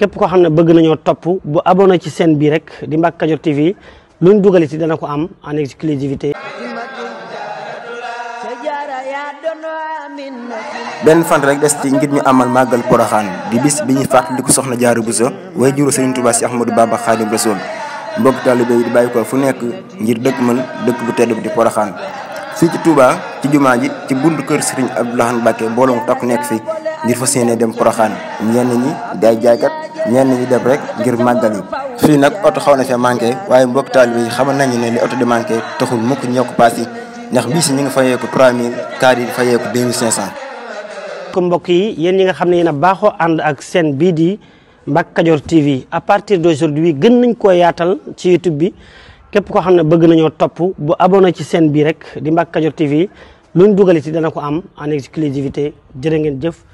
képp koo xam ne bëgg nañoo topp bu abonné ci seen bi rek di Mbacke Kadior TV lu ñu dugal ci dana ko am en exclusivité benn fant rek des ci ngir ñu amal màggal poroxaan di bis bi ñuy fàttaliku soxna Diarra Bousso way juru Serigne Touba si Ahmadou Bamba Khadim Rasoul mbokk taalibe yi di bàyyi ko fu nekk ngir dëkk mën dëkk bu tedd bi di poroxaan fii ci Touba ci jumaa ji ci buntu kër Serigne Abdoulahan Mbacke mbooloo mu takk nekk fi ngir fas yéene dem Porokhane ñenn ñi day jaaykat ñenn ñi dem rek ngir màggal yi fii nag oto xaw na fee manqué waaye mbokk taal yi xamal nañu ne li oto di manqué taxul mukk ñoo ko ñax yi ndax bii si ñu ngi fayeeku 3000 kaar yi fayeeku 2500 kon mbokk yi yéen ñi nga xam ne yéen a baaxoo ànd ak seen bii di Mbacke Kadior TV à partir d'aujourd'hui gën nañ koo yaatal ci YouTube bi képp koo xam ne bëgg nañoo topp bu abonné ci seen bii rek di Mbacke Kadior TV luñ dugaliti dana ko am en exclusivité jërë ngeen jëf